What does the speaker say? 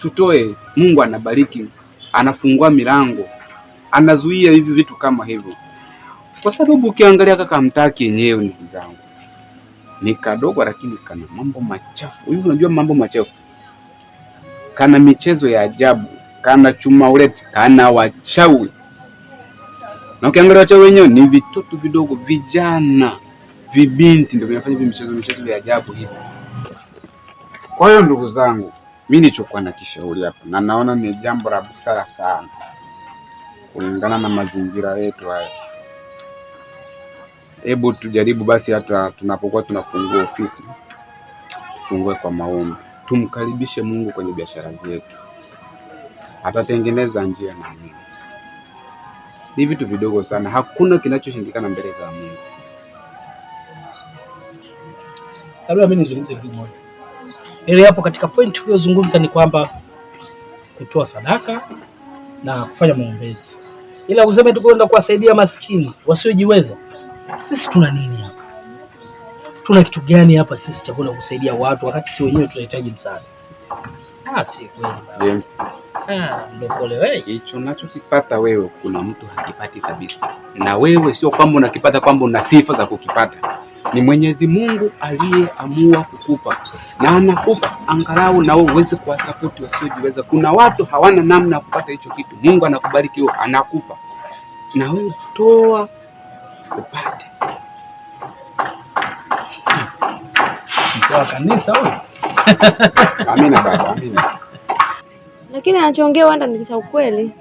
tutoe. Mungu anabariki, anafungua milango, anazuia hivi vitu kama hivyo, kwa sababu ukiangalia kaka mtaki yenyewe, ndugu zangu, ni kadogo, lakini kana mambo machafu hivi. Unajua mambo machafu, kana michezo ya ajabu, kana chumauleti, kana wachawi. Na ukiangalia wachawi wenyewe ni vitoto vidogo, vijana, vibinti, ndio vinafanya hivi michezo michezo ya ajabu hivi. Kwa hiyo ndugu zangu mimi nichokuwa na kishauri hapa na naona ni jambo la busara sana kulingana na mazingira yetu haya, hebu tujaribu basi, hata tunapokuwa tunafungua ofisi tufungue kwa maombi, tumkaribishe Mungu kwenye biashara zetu, atatengeneza njia na mimi. Ni vitu vidogo sana, hakuna kinachoshindikana mbele za Mungu. Labda mimi nizungumze kitu kimoja. Ile hapo katika point uliyozungumza ni kwamba kutoa sadaka na kufanya maombezi, ila useme tu kwenda kuwasaidia maskini wasiojiweza, sisi tuna nini hapa? Tuna kitu gani hapa sisi cha kwenda kusaidia watu wakati si wenyewe tunahitaji msaada? Ah, si kweli James. Ah, ndio pole wewe. Hicho unachokipata wewe kuna mtu hakipati kabisa, na wewe sio kwamba unakipata kwamba una sifa za kukipata ni Mwenyezi Mungu aliyeamua kukupa na anakupa angalau na wewe uweze kuwasapoti wasiojiweza. Kuna watu hawana namna ya kupata hicho kitu, Mungu anakubariki wewe, anakupa na wewe toa upate. kanisa Amina baba, amina. Lakini anachoongea Wanda ni cha ukweli.